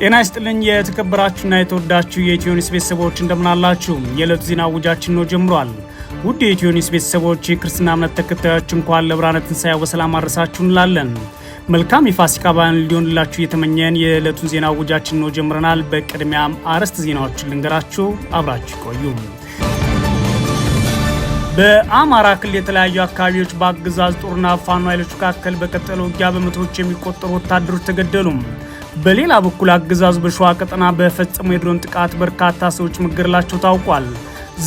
ጤና ይስጥልኝ የተከበራችሁና የተወዳችሁ የኢትዮኒስ ቤተሰቦች እንደምናላችሁ። የዕለቱ ዜና ውጃችን ነው ጀምሯል። ውድ የኢትዮኒስ ቤተሰቦች የክርስትና እምነት ተከታዮች እንኳን ለብርሃነ ትንሣኤው በሰላም አድረሳችሁ እንላለን። መልካም የፋሲካ በዓል ሊሆንላችሁ እየተመኘን የዕለቱን ዜና ውጃችን ነው ጀምረናል። በቅድሚያም አርዕስተ ዜናዎችን ልንገራችሁ፣ አብራችሁ ቆዩ። በአማራ ክልል የተለያዩ አካባቢዎች በአገዛዝ ጦርና ፋኖ ኃይሎች መካከል በቀጠለ ውጊያ በመቶዎች የሚቆጠሩ ወታደሮች ተገደሉም። በሌላ በኩል አገዛዙ በሸዋ ቀጠና በፈጸመው የድሮን ጥቃት በርካታ ሰዎች መገደላቸው ታውቋል።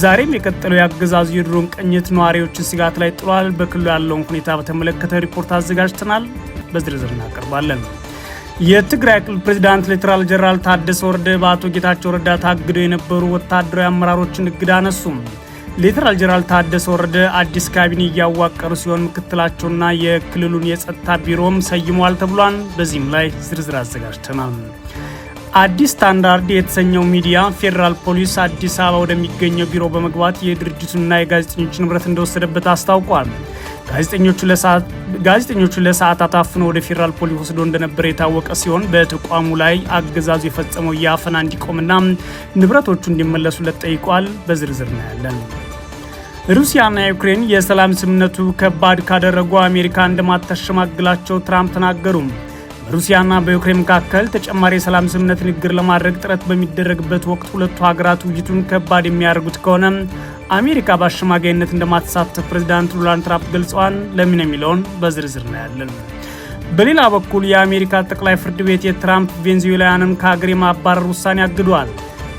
ዛሬም የቀጠለው የአገዛዝ የድሮን ቅኝት ነዋሪዎችን ስጋት ላይ ጥሏል። በክልሉ ያለውን ሁኔታ በተመለከተ ሪፖርት አዘጋጅተናል፣ በዝርዝር እናቀርባለን። የትግራይ ክልል ፕሬዚዳንት ሌተናል ጀነራል ታደሰ ወረደ በአቶ ጌታቸው ረዳ ታግደው የነበሩ ወታደራዊ አመራሮችን እግድ አነሱም። ሌተናል ጀነራል ታደሰ ወረደ አዲስ ካቢኔ እያዋቀሩ ሲሆን ምክትላቸውና የክልሉን የጸጥታ ቢሮም ሰይመዋል ተብሏል። በዚህም ላይ ዝርዝር አዘጋጅተናል። አዲስ ስታንዳርድ የተሰኘው ሚዲያ ፌዴራል ፖሊስ አዲስ አበባ ወደሚገኘው ቢሮ በመግባት የድርጅቱንና የጋዜጠኞች ንብረት እንደወሰደበት አስታውቋል። ጋዜጠኞቹ ለሰዓታት አፍኖ ወደ ፌዴራል ፖሊስ ወስዶ እንደነበረ የታወቀ ሲሆን በተቋሙ ላይ አገዛዙ የፈጸመው የአፈና እንዲቆምና ንብረቶቹ እንዲመለሱለት ጠይቋል። በዝርዝር እናያለን። ሩሲያና ዩክሬን የሰላም ስምምነቱ ከባድ ካደረጉ አሜሪካ እንደማታሸማግላቸው ትራምፕ ተናገሩ። በሩሲያና በዩክሬን መካከል ተጨማሪ የሰላም ስምምነት ንግግር ለማድረግ ጥረት በሚደረግበት ወቅት ሁለቱ ሀገራት ውይይቱን ከባድ የሚያደርጉት ከሆነ አሜሪካ በአሸማጋይነት እንደማትሳተፍ ፕሬዚዳንት ዶናልድ ትራምፕ ገልጸዋል። ለምን የሚለውን በዝርዝር እናያለን። በሌላ በኩል የአሜሪካ ጠቅላይ ፍርድ ቤት የትራምፕ ቬንዙዌላውያንን ከሀገር የማባረር ውሳኔ አግዷል።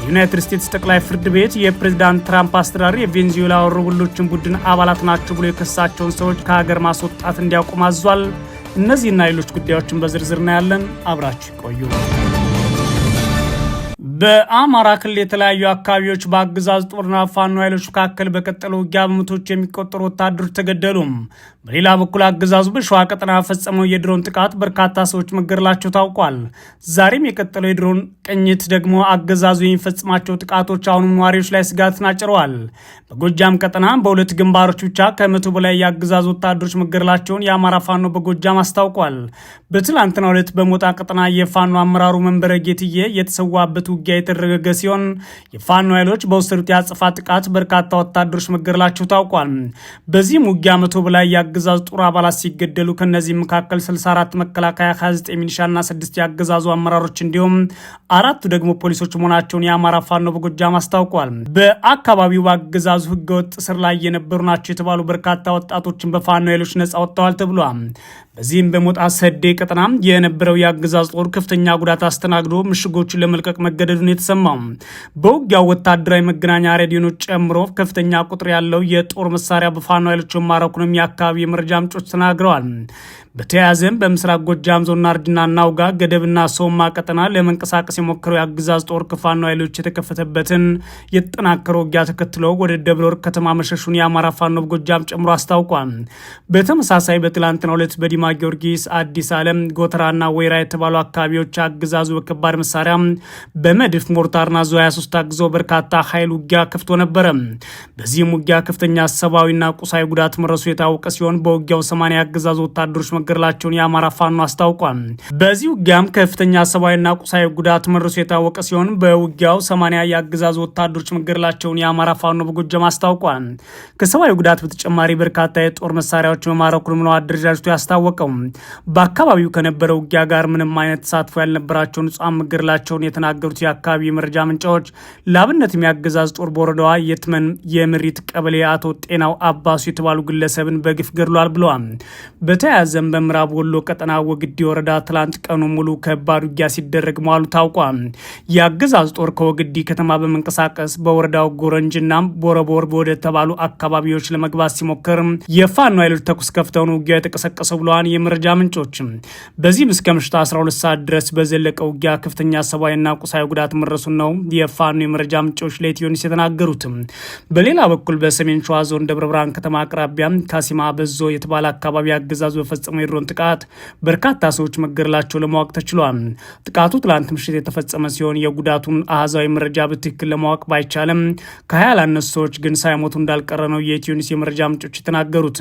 ዩናይትድ ስቴትስ ጠቅላይ ፍርድ ቤት የፕሬዝዳንት ትራምፕ አስተዳደር የቬንዙዌላ ወሮበሎችን ቡድን አባላት ናቸው ብሎ የከሳቸውን ሰዎች ከሀገር ማስወጣት እንዲያውቁም አዟል። እነዚህና ሌሎች ጉዳዮችን በዝርዝር እናያለን። አብራችሁ ይቆዩ። በአማራ ክልል የተለያዩ አካባቢዎች በአገዛዝ ጦርና ፋኖ ኃይሎች መካከል በቀጠለ ውጊያ በመቶች የሚቆጠሩ ወታደሮች ተገደሉም። በሌላ በኩል አገዛዙ በሸዋ ቀጠና ያፈጸመው የድሮን ጥቃት በርካታ ሰዎች መገደላቸው ታውቋል። ዛሬም የቀጠለው የድሮን ቅኝት ደግሞ አገዛዙ የሚፈጽማቸው ጥቃቶች አሁኑ ነዋሪዎች ላይ ስጋትን አጭረዋል። በጎጃም ቀጠና በሁለት ግንባሮች ብቻ ከመቶ በላይ የአገዛዙ ወታደሮች መገደላቸውን የአማራ ፋኖ በጎጃም አስታውቋል። በትላንትና ዕለት በሞጣ ቀጠና የፋኖ አመራሩ መንበረ ጌትዬ የተሰዋበት ውጊያ የተደረገ ሲሆን የፋኖ ኃይሎች በወሰዱት የአጽፋ ጥቃት በርካታ ወታደሮች መገደላቸው ታውቋል። በዚህም ውጊያ መቶ በላይ የአገዛዙ ጦር አባላት ሲገደሉ ከእነዚህ መካከል 64 መከላከያ፣ 29 ሚኒሻና 6 የአገዛዙ አመራሮች እንዲሁም አራቱ ደግሞ ፖሊሶች መሆናቸውን የአማራ ፋኖ በጎጃም አስታውቋል። በአካባቢው በአገዛዙ ህገወጥ ስር ላይ የነበሩ ናቸው የተባሉ በርካታ ወጣቶችን በፋኖ ኃይሎች ነጻ ወጥተዋል ተብሏል። በዚህም በሞጣ ሰዴ ቀጠና የነበረው የአገዛዝ ጦር ከፍተኛ ጉዳት አስተናግዶ ምሽጎቹን ለመልቀቅ መገደዱን የተሰማው በውጊያው ወታደራዊ መገናኛ ሬዲዮኖች ጨምሮ ከፍተኛ ቁጥር ያለው የጦር መሳሪያ በፋኖ ኃይሎች ማረኩንም የአካባቢ የመረጃ ምንጮች ተናግረዋል። በተያያዘም በምስራቅ ጎጃም ዞን ናርጅና ናውጋ ገደብና ሶማ ቀጠና ለመንቀሳቀስ የሞከረው የአገዛዝ ጦር ከፋኖ ኃይሎች የተከፈተበትን የተጠናከረ ውጊያ ተከትሎ ወደ ደብረ ወርቅ ከተማ መሸሹን የአማራ ፋኖ ጎጃም ጨምሮ አስታውቋል። በተመሳሳይ በትላንትና ሁለት በዲማ ጊዮርጊስ፣ አዲስ ዓለም፣ ጎተራና ወይራ የተባሉ አካባቢዎች አገዛዙ በከባድ መሳሪያ በመድፍ ሞርታርና ዙ 23 አግዞ በርካታ ኃይል ውጊያ ከፍቶ ነበረ። በዚህም ውጊያ ከፍተኛ ሰብአዊና ቁሳዊ ጉዳት መረሱ የታወቀ ሲሆን ሲሆን በውጊያው ሰማንያ የአገዛዙ ወታደሮች መገደላቸውን የአማራ ፋኖ አስታውቋል። በዚህ ውጊያም ከፍተኛ ሰብአዊና ቁሳዊ ጉዳት መድረሱ የታወቀ ሲሆን በውጊያው ሰማንያ የአገዛዙ ወታደሮች መገደላቸውን የአማራ ፋኖ በጎጃም አስታውቋል። ከሰብአዊ ጉዳት በተጨማሪ በርካታ የጦር መሳሪያዎች መማረኩን ነው አደረጃጀቱ ያስታወቀው። በአካባቢው ከነበረ ውጊያ ጋር ምንም አይነት ተሳትፎ ያልነበራቸውን ንጹሐን መገደላቸውን የተናገሩት የአካባቢ የመረጃ ምንጫዎች ለአብነት የሚያገዛዝ ጦር በወረዳዋ የትመን የምሪት ቀበሌ አቶ ጤናው አባሱ የተባሉ ግለሰብን በግፍ ገድሏል ብለዋል። በተያያዘም በምዕራብ ወሎ ቀጠና ወግዴ ወረዳ ትላንት ቀኑ ሙሉ ከባድ ውጊያ ሲደረግ መዋሉ ታውቋል። የአገዛዝ ጦር ከወግዴ ከተማ በመንቀሳቀስ በወረዳው ጎረንጅና ቦረቦር ወደ ተባሉ አካባቢዎች ለመግባት ሲሞክር የፋኖ ኃይሎች ተኩስ ከፍተውን ውጊያ የተቀሰቀሰው ብለዋል የመረጃ ምንጮች። በዚህም እስከ ምሽቱ 12 ሰዓት ድረስ በዘለቀ ውጊያ ከፍተኛ ሰብአዊና ቁሳዊ ጉዳት መድረሱን ነው የፋኖ የመረጃ ምንጮች ለኢትዮኒስ የተናገሩትም። በሌላ በኩል በሰሜን ሸዋ ዞን ደብረ ብርሃን ከተማ አቅራቢያ ካሲማ በ ዞ የተባለ አካባቢ አገዛዙ በፈጸመው የድሮን ጥቃት በርካታ ሰዎች መገደላቸው ለማወቅ ተችሏል። ጥቃቱ ትላንት ምሽት የተፈጸመ ሲሆን የጉዳቱን አሃዛዊ መረጃ በትክክል ለማወቅ ባይቻልም ከሀያ ላነሱ ሰዎች ግን ሳይሞቱ እንዳልቀረ ነው የኢትዮኒስ የመረጃ ምንጮች የተናገሩት።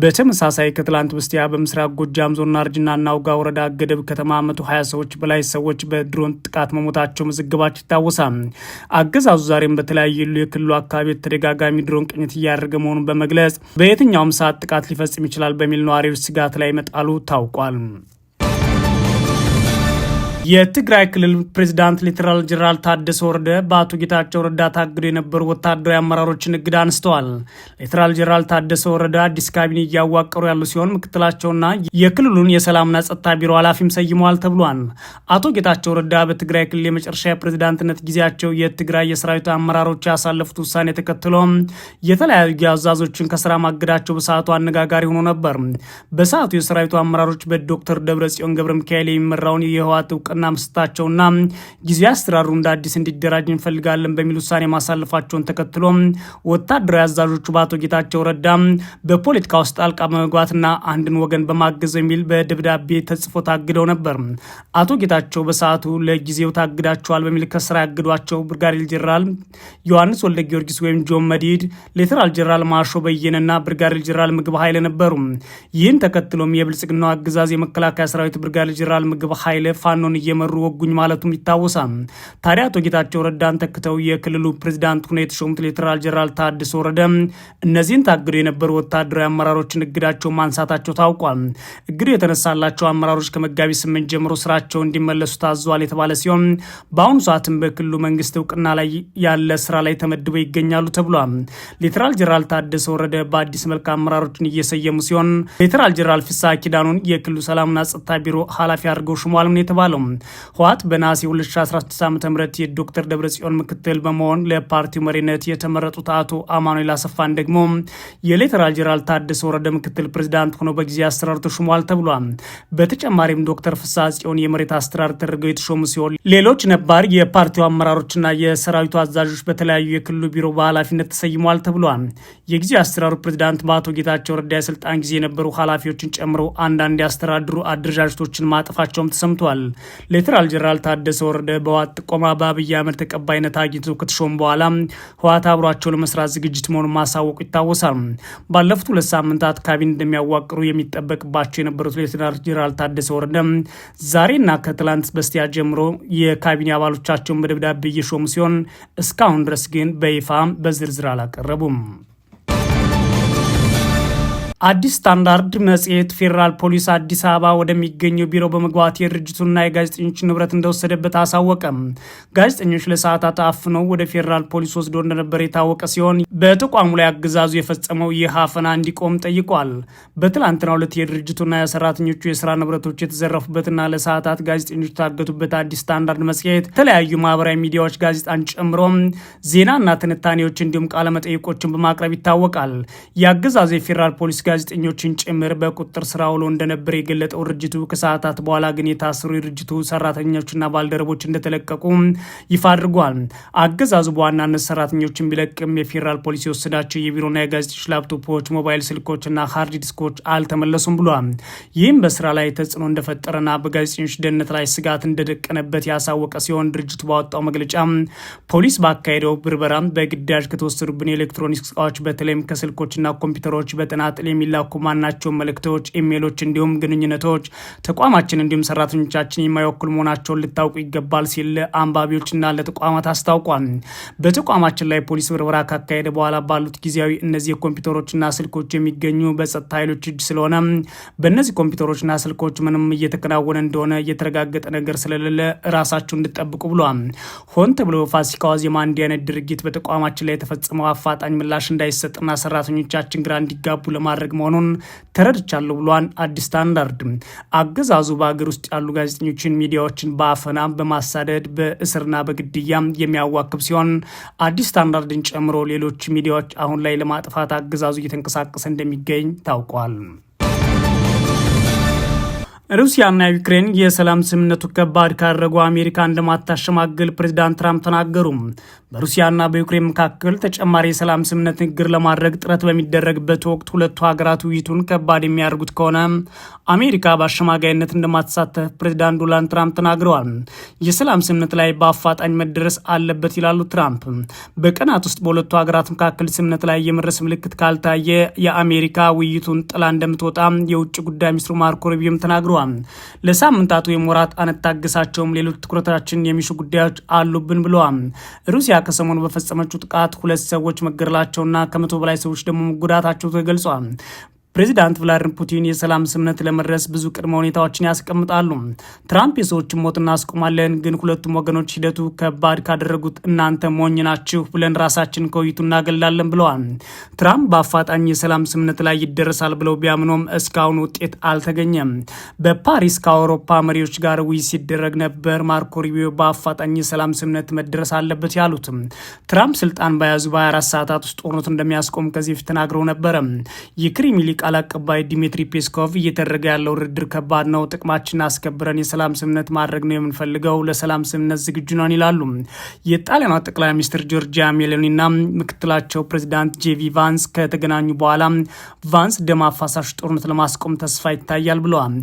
በተመሳሳይ ከትላንት በስቲያ በምስራቅ ጎጃም ዞን ናርጅና ናውጋ ወረዳ ገደብ ከተማ መቶ ሀያ ሰዎች በላይ ሰዎች በድሮን ጥቃት መሞታቸው መዘገባቸው ይታወሳል። አገዛዙ ዛሬም በተለያዩ የክልሉ አካባቢ ተደጋጋሚ ድሮን ቅኝት እያደረገ መሆኑን በመግለጽ በየትኛውም ሰዓት ጥቃት ሊፈጽም ይችላል በሚል ነዋሪዎች ስጋት ላይ መጣሉ ታውቋል። የትግራይ ክልል ፕሬዚዳንት ሌተናል ጀነራል ታደሰ ወረደ በአቶ ጌታቸው ረዳ ታግዶ የነበሩ ወታደራዊ አመራሮችን እግድ አንስተዋል። ሌተናል ጀነራል ታደሰ ወረደ አዲስ ካቢኔ እያዋቀሩ ያሉ ሲሆን ምክትላቸውና የክልሉን የሰላምና ጸጥታ ቢሮ ኃላፊም ሰይመዋል ተብሏል። አቶ ጌታቸው ረዳ በትግራይ ክልል የመጨረሻ የፕሬዚዳንትነት ጊዜያቸው የትግራይ የሰራዊት አመራሮች ያሳለፉት ውሳኔ ተከትሎ የተለያዩ አዛዞችን ከስራ ማገዳቸው በሰዓቱ አነጋጋሪ ሆኖ ነበር። በሰዓቱ የሰራዊቱ አመራሮች በዶክተር ደብረ ጽዮን ገብረ ሚካኤል የሚመራውን የህወሓት እውቀ እውቅና መስጠታቸውና ጊዜ አስተዳደሩ እንደ አዲስ እንዲደራጅ እንፈልጋለን በሚል ውሳኔ ማሳለፋቸውን ተከትሎ ወታደራዊ አዛዦቹ በአቶ ጌታቸው ረዳ በፖለቲካ ውስጥ ጣልቃ በመግባትና አንድን ወገን በማገዝ የሚል በደብዳቤ ተጽፎ ታግደው ነበር። አቶ ጌታቸው በሰዓቱ ለጊዜው ታግዳቸዋል በሚል ከስራ ያግዷቸው ብርጋዴር ጀኔራል ዮሐንስ ወልደ ጊዮርጊስ ወይም ጆን መዲድ፣ ሌተናል ጀኔራል ማሾ በየነና ብርጋዴር ጀነራል ምግብ ኃይለ ነበሩ። ይህን ተከትሎም የብልጽግናው አገዛዝ የመከላከያ ሰራዊት ብርጋዴር ጀኔራል ምግብ ኃይለ ፋኖን እየመሩ ወጉኝ ማለቱም ይታወሳል። ታዲያ አቶ ጌታቸው ረዳን ተክተው የክልሉ ፕሬዚዳንት ሆነው የተሾሙት ሌተናል ጀነራል ታደሰ ወረደ እነዚህን ታግደው የነበሩ ወታደራዊ አመራሮችን እግዳቸው ማንሳታቸው ታውቋል። እግዱ የተነሳላቸው አመራሮች ከመጋቢት ስምንት ጀምሮ ስራቸው እንዲመለሱ ታዟል የተባለ ሲሆን በአሁኑ ሰዓትም በክልሉ መንግስት እውቅና ላይ ያለ ስራ ላይ ተመድበው ይገኛሉ ተብሏል። ሌተናል ጀራል ታደሰ ወረደ በአዲስ መልክ አመራሮችን እየሰየሙ ሲሆን ሌተናል ጀነራል ፍስሐ ኪዳኑን የክልሉ ሰላምና ጸጥታ ቢሮ ኃላፊ አድርገው ሹሟልም ነው የተባለው። ህወሓት በነሐሴ 2016 ዓ ም የዶክተር ደብረጽዮን ምክትል በመሆን ለፓርቲው መሪነት የተመረጡት አቶ አማኑኤል አሰፋን ደግሞ የሌተናል ጄኔራል ታደሰ ወረደ ምክትል ፕሬዚዳንት ሆኖ በጊዜ አሰራር ተሹሟል ተብሏል። በተጨማሪም ዶክተር ፍስሐ ጽዮን የመሬት አስተዳደር ተደርገው የተሾሙ ሲሆን ሌሎች ነባር የፓርቲው አመራሮችና የሰራዊቱ አዛዦች በተለያዩ የክልሉ ቢሮ በኃላፊነት ተሰይሟል ተብሏል። የጊዜ አሰራሩ ፕሬዚዳንት በአቶ ጌታቸው ረዳ የስልጣን ጊዜ የነበሩ ኃላፊዎችን ጨምሮ አንዳንድ ያስተዳድሩ አደረጃጀቶችን ማጠፋቸውም ተሰምቷል። ሌተናል ጀነራል ታደሰ ወረደ በዋት ጥቆማ በአብይ አህመድ ተቀባይነት አግኝቶ ከተሾሙ በኋላ ህወሓት አብሯቸው ለመስራት ዝግጅት መሆኑን ማሳወቁ ይታወሳል። ባለፉት ሁለት ሳምንታት ካቢኔ እንደሚያዋቅሩ የሚጠበቅባቸው የነበሩት ሌተናል ጀራል ታደሰ ወረደ ዛሬና ከትላንት በስቲያ ጀምሮ የካቢኔ አባሎቻቸውን በደብዳቤ እየሾሙ ሲሆን እስካሁን ድረስ ግን በይፋ በዝርዝር አላቀረቡም። አዲስ ስታንዳርድ መጽሔት ፌዴራል ፖሊስ አዲስ አበባ ወደሚገኘው ቢሮ በመግባት የድርጅቱና የጋዜጠኞች ንብረት እንደወሰደበት አሳወቀም። ጋዜጠኞች ለሰዓታት አፍነው ወደ ፌዴራል ፖሊስ ወስዶ እንደነበር የታወቀ ሲሆን በተቋሙ ላይ አገዛዙ የፈጸመው ይህ አፈና እንዲቆም ጠይቋል። በትላንትና ሁለት የድርጅቱና የሰራተኞቹ የስራ ንብረቶች የተዘረፉበትና ለሰዓታት ጋዜጠኞች የታገቱበት አዲስ ስታንዳርድ መጽሔት የተለያዩ ማህበራዊ ሚዲያዎች ጋዜጣን ጨምሮ ዜናና ትንታኔዎች እንዲሁም ቃለመጠይቆችን በማቅረብ ይታወቃል። የአገዛዙ የፌዴራል ፖሊስ ጋዜጠኞችን ጭምር በቁጥጥር ስር ውሎ እንደነበር የገለጠው ድርጅቱ ከሰዓታት በኋላ ግን የታሰሩ የድርጅቱ ሰራተኞችና ባልደረቦች እንደተለቀቁ ይፋ አድርጓል። አገዛዙ በዋናነት ሰራተኞችን ቢለቅም የፌዴራል ፖሊስ የወሰዳቸው የቢሮና የጋዜጦች ላፕቶፖች፣ ሞባይል ስልኮችና ሀርድ ዲስኮች አልተመለሱም ብሏል። ይህም በስራ ላይ ተጽዕኖ እንደፈጠረና በጋዜጠኞች ደህንነት ላይ ስጋት እንደደቀነበት ያሳወቀ ሲሆን ድርጅቱ ባወጣው መግለጫ ፖሊስ ባካሄደው ብርበራ በግዳጅ ከተወሰዱብን የኤሌክትሮኒክስ እቃዎች በተለይም ከስልኮችና ኮምፒውተሮች በጥናት የሚላኩ ማናቸውን መልእክቶች፣ ኢሜሎች እንዲሁም ግንኙነቶች ተቋማችን እንዲሁም ሰራተኞቻችን የማይወክሉ መሆናቸውን ልታውቁ ይገባል ሲል አንባቢዎችና ለተቋማት አስታውቋል። በተቋማችን ላይ ፖሊስ ብርበራ ካካሄደ በኋላ ባሉት ጊዜያዊ እነዚህ ኮምፒውተሮችና ስልኮች የሚገኙ በጸጥታ ኃይሎች እጅ ስለሆነ በእነዚህ ኮምፒውተሮችና ስልኮች ምንም እየተከናወነ እንደሆነ የተረጋገጠ ነገር ስለሌለ ራሳችሁ እንድጠብቁ ብሏል። ሆን ተብሎ ፋሲካ ዋዜማ እንዲህ አይነት ድርጊት በተቋማችን ላይ የተፈጸመው አፋጣኝ ምላሽ እንዳይሰጥና ሰራተኞቻችን ግራ እንዲጋቡ ለማድረግ የሚደረግ መሆኑን ተረድቻለሁ ብሏል። አዲስ ስታንዳርድ አገዛዙ በሀገር ውስጥ ያሉ ጋዜጠኞችን፣ ሚዲያዎችን በአፈና በማሳደድ በእስርና በግድያ የሚያዋክብ ሲሆን አዲስ ስታንዳርድን ጨምሮ ሌሎች ሚዲያዎች አሁን ላይ ለማጥፋት አገዛዙ እየተንቀሳቀሰ እንደሚገኝ ታውቋል። ሩሲያና ዩክሬን የሰላም ስምምነቱ ከባድ ካደረጉ አሜሪካ እንደማታሸማግል ፕሬዚዳንት ትራምፕ ተናገሩ። በሩሲያና በዩክሬን መካከል ተጨማሪ የሰላም ስምምነት ንግግር ለማድረግ ጥረት በሚደረግበት ወቅት ሁለቱ ሀገራት ውይይቱን ከባድ የሚያደርጉት ከሆነ አሜሪካ በአሸማጋይነት እንደማትሳተፍ ፕሬዚዳንት ዶናልድ ትራምፕ ተናግረዋል። የሰላም ስምምነት ላይ በአፋጣኝ መደረስ አለበት ይላሉ ትራምፕ። በቀናት ውስጥ በሁለቱ ሀገራት መካከል ስምምነት ላይ የመድረስ ምልክት ካልታየ የአሜሪካ ውይይቱን ጥላ እንደምትወጣ የውጭ ጉዳይ ሚኒስትሩ ማርኮ ሩቢዮም ተናግረዋል። ለሳምንታቱ የሞራት አንታግሳቸውም ሌሎች ትኩረታችን የሚሹ ጉዳዮች አሉብን ብለዋል። ሩሲያ ከሰሞኑ በፈጸመችው ጥቃት ሁለት ሰዎች መገደላቸውና ከመቶ በላይ ሰዎች ደግሞ መጎዳታቸው ተገልጿል። ፕሬዚዳንት ቭላዲሚር ፑቲን የሰላም ስምነት ለመድረስ ብዙ ቅድመ ሁኔታዎችን ያስቀምጣሉ። ትራምፕ የሰዎችን ሞት እናስቆማለን፣ ግን ሁለቱም ወገኖች ሂደቱ ከባድ ካደረጉት እናንተ ሞኝ ናችሁ ብለን ራሳችን ከውይይቱ እናገላለን ብለዋል። ትራምፕ በአፋጣኝ የሰላም ስምነት ላይ ይደረሳል ብለው ቢያምኖም እስካሁን ውጤት አልተገኘም። በፓሪስ ከአውሮፓ መሪዎች ጋር ውይይት ሲደረግ ነበር ማርኮ ሩቢዮ በአፋጣኝ የሰላም ስምነት መደረስ አለበት ያሉት ትራምፕ ስልጣን በያዙ በ24 ሰዓታት ውስጥ ጦርነቱ እንደሚያስቆም ከዚህ በፊት ተናግረው ነበረ። የክሪሚሊቅ ቃል አቀባይ ዲሚትሪ ፔስኮቭ እየተደረገ ያለው ድርድር ከባድ ነው፣ ጥቅማችን አስከብረን የሰላም ስምምነት ማድረግ ነው የምንፈልገው፣ ለሰላም ስምምነት ዝግጁ ነን ይላሉ። የጣሊያኗ ጠቅላይ ሚኒስትር ጆርጂያ ሜሎኒና ምክትላቸው ፕሬዚዳንት ጄቪ ቫንስ ከተገናኙ በኋላ ቫንስ ደም አፋሳሽ ጦርነት ለማስቆም ተስፋ ይታያል ብለዋል።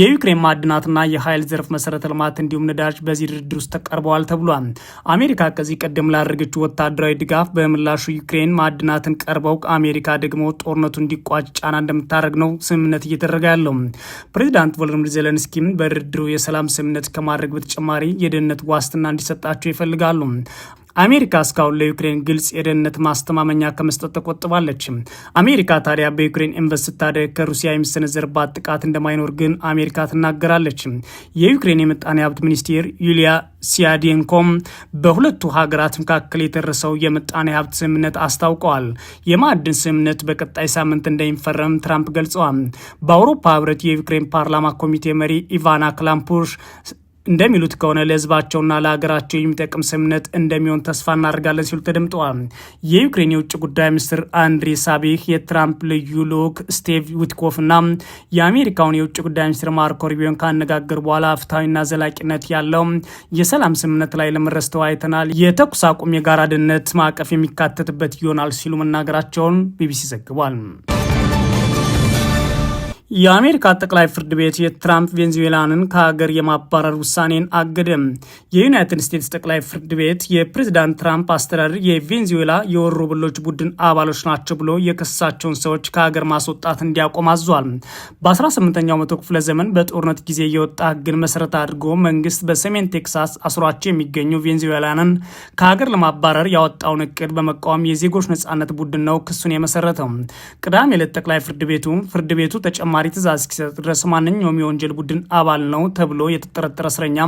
የዩክሬን ማዕድናትና የኃይል ዘርፍ መሰረተ ልማት እንዲሁም ነዳጅ በዚህ ድርድር ውስጥ ተቀርበዋል ተብሏል። አሜሪካ ከዚህ ቀደም ላደረገችው ወታደራዊ ድጋፍ በምላሹ ዩክሬን ማዕድናትን ቀርበው አሜሪካ ደግሞ ጦርነቱ እንዲቋጭ ጫና እንደምታደረግ ነው ስምምነት እየተደረገ ያለው። ፕሬዚዳንት ቮሎዲሚር ዜሌንስኪም በድርድሩ የሰላም ስምምነት ከማድረግ በተጨማሪ የደህንነት ዋስትና እንዲሰጣቸው ይፈልጋሉ። አሜሪካ እስካሁን ለዩክሬን ግልጽ የደህንነት ማስተማመኛ ከመስጠት ተቆጥባለች። አሜሪካ ታዲያ በዩክሬን ኢንቨስት ስታደግ ከሩሲያ የሚሰነዘርባት ጥቃት እንደማይኖር ግን አሜሪካ ትናገራለች። የዩክሬን የምጣኔ ሀብት ሚኒስቴር ዩሊያ ሲያዲንኮም በሁለቱ ሀገራት መካከል የደረሰው የምጣኔ ሀብት ስምምነት አስታውቀዋል። የማዕድን ስምምነት በቀጣይ ሳምንት እንደሚፈረም ትራምፕ ገልጸዋል። በአውሮፓ ህብረት የዩክሬን ፓርላማ ኮሚቴ መሪ ኢቫና ክላምፑሽ እንደሚሉት ከሆነ ለህዝባቸውና ለሀገራቸው የሚጠቅም ስምምነት እንደሚሆን ተስፋ እናደርጋለን ሲሉ ተደምጠዋል። የዩክሬን የውጭ ጉዳይ ሚኒስትር አንድሪ ሳቢህ የትራምፕ ልዩ ልዑክ ስቴቭ ዊትኮፍና የአሜሪካውን የውጭ ጉዳይ ሚኒስትር ማርኮ ሩቢዮን ካነጋገሩ በኋላ ፍትሐዊና ዘላቂነት ያለው የሰላም ስምምነት ላይ ለመድረስ ተወያይተናል፣ የተኩስ አቁም የጋራ ደህንነት ማዕቀፍ የሚካተትበት ይሆናል ሲሉ መናገራቸውን ቢቢሲ ዘግቧል። የአሜሪካ ጠቅላይ ፍርድ ቤት የትራምፕ ቬንዙዌላንን ከሀገር የማባረር ውሳኔን አገደም። የዩናይትድ ስቴትስ ጠቅላይ ፍርድ ቤት የፕሬዚዳንት ትራምፕ አስተዳደር የቬንዙዌላ ብሎች ቡድን አባሎች ናቸው ብሎ የከሳቸውን ሰዎች ከሀገር ማስወጣት እንዲያቆም አዟል። በ18ኛው መቶ ክፍለ ዘመን በጦርነት ጊዜ የወጣ ህግን መሰረት አድርጎ መንግስት በሰሜን ቴክሳስ አስሯቸው የሚገኙ ቬንዙዌላንን ከሀገር ለማባረር ያወጣውን እቅድ በመቃወም የዜጎች ነጻነት ቡድን ነው ክሱን የመሰረተው። ቅዳሜ ዕለት ጠቅላይ ፍርድ ቤቱ ፍርድ ቤቱ ተጨማ ተጨማሪ ትእዛዝ እስኪሰጥ ድረስ ማንኛውም የወንጀል ቡድን አባል ነው ተብሎ የተጠረጠረ እስረኛ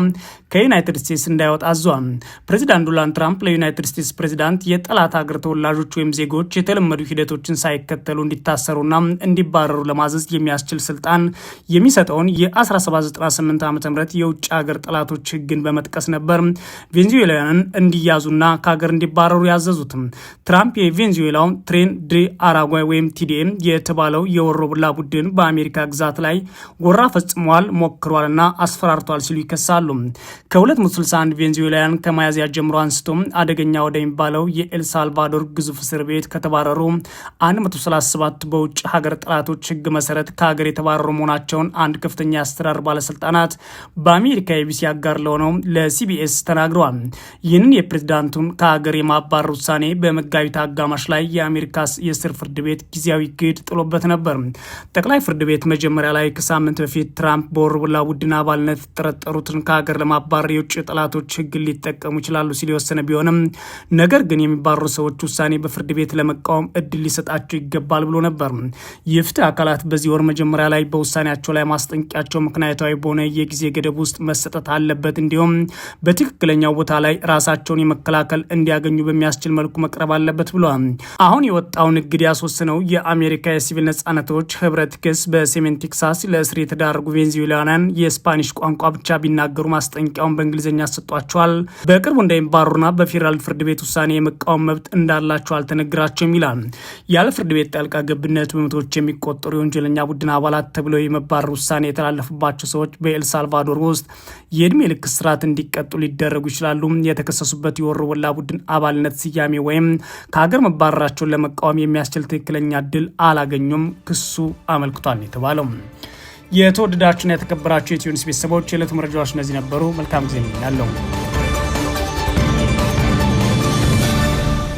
ከዩናይትድ ስቴትስ እንዳይወጣ አዟል። ፕሬዚዳንት ዶናልድ ትራምፕ ለዩናይትድ ስቴትስ ፕሬዚዳንት የጠላት ሀገር ተወላጆች ወይም ዜጎች የተለመዱ ሂደቶችን ሳይከተሉ እንዲታሰሩና እንዲባረሩ ለማዘዝ የሚያስችል ስልጣን የሚሰጠውን የ1798 ዓ ም የውጭ ሀገር ጠላቶች ህግን በመጥቀስ ነበር ቬንዙዌላውያንን እንዲያዙና ከሀገር እንዲባረሩ ያዘዙትም። ትራምፕ የቬንዙዌላውን ትሬን ድ አራጓይ ወይም ቲዲኤም የተባለው የወሮብላ ቡድን በአሜ የአሜሪካ ግዛት ላይ ጎራ ፈጽሟል፣ ሞክሯልና አስፈራርቷል ሲሉ ይከሳሉ። ከ261 ቬንዙዌላውያን ከማያዝያ ጀምሮ አንስቶም አደገኛ ወደሚባለው የኤልሳልቫዶር ግዙፍ እስር ቤት ከተባረሩ 137 በውጭ ሀገር ጠላቶች ህግ መሰረት ከሀገር የተባረሩ መሆናቸውን አንድ ከፍተኛ የአስተዳደር ባለስልጣናት በአሜሪካ የቢሲ አጋር ለሆነው ለሲቢኤስ ተናግረዋል። ይህንን የፕሬዝዳንቱን ከሀገር የማባረር ውሳኔ በመጋቢት አጋማሽ ላይ የአሜሪካ የስር ፍርድ ቤት ጊዜያዊ ግድ ጥሎበት ነበር። ጠቅላይ ፍርድ ቤት መጀመሪያ ላይ ከሳምንት በፊት ትራምፕ በወሮበላ ቡድን አባልነት የተጠረጠሩትን ከሀገር ለማባረር የውጭ ጠላቶች ህግን ሊጠቀሙ ይችላሉ ሲል የወሰነ ቢሆንም ነገር ግን የሚባረሩ ሰዎች ውሳኔ በፍርድ ቤት ለመቃወም እድል ሊሰጣቸው ይገባል ብሎ ነበር። የፍትህ አካላት በዚህ ወር መጀመሪያ ላይ በውሳኔያቸው ላይ ማስጠንቀቂያቸው ምክንያታዊ በሆነ የጊዜ ገደብ ውስጥ መሰጠት አለበት፣ እንዲሁም በትክክለኛው ቦታ ላይ ራሳቸውን የመከላከል እንዲያገኙ በሚያስችል መልኩ መቅረብ አለበት ብሏል። አሁን የወጣውን እግድ ያስወስነው የአሜሪካ የሲቪል ነጻነቶች ህብረት ክስ በ በሰሜን ቴክሳስ ለእስር የተዳረጉ ቬንዙዌላውያን የስፓኒሽ ቋንቋ ብቻ ቢናገሩ ማስጠንቀቂያውን በእንግሊዝኛ ሰጧቸዋል በቅርቡ እንዳይባሩና በፌዴራል ፍርድ ቤት ውሳኔ የመቃወም መብት እንዳላቸው አልተነግራቸውም ይላል። ያለ ፍርድ ቤት ጣልቃ ገብነት በመቶዎች የሚቆጠሩ የወንጀለኛ ቡድን አባላት ተብለው የመባረር ውሳኔ የተላለፉባቸው ሰዎች በኤልሳልቫዶር ውስጥ የእድሜ ልክ እስራት እንዲቀጡ ሊደረጉ ይችላሉ። የተከሰሱበት የወሮ ወላ ቡድን አባልነት ስያሜ ወይም ከሀገር መባረራቸውን ለመቃወም የሚያስችል ትክክለኛ እድል አላገኙም ክሱ አመልክቷል። የተባለው። የተወደዳችሁና የተከበራችሁ የኢትዮ ኒውስ ቤተሰቦች የዕለቱ መረጃዎች እነዚህ ነበሩ። መልካም ጊዜ እመኛለሁ።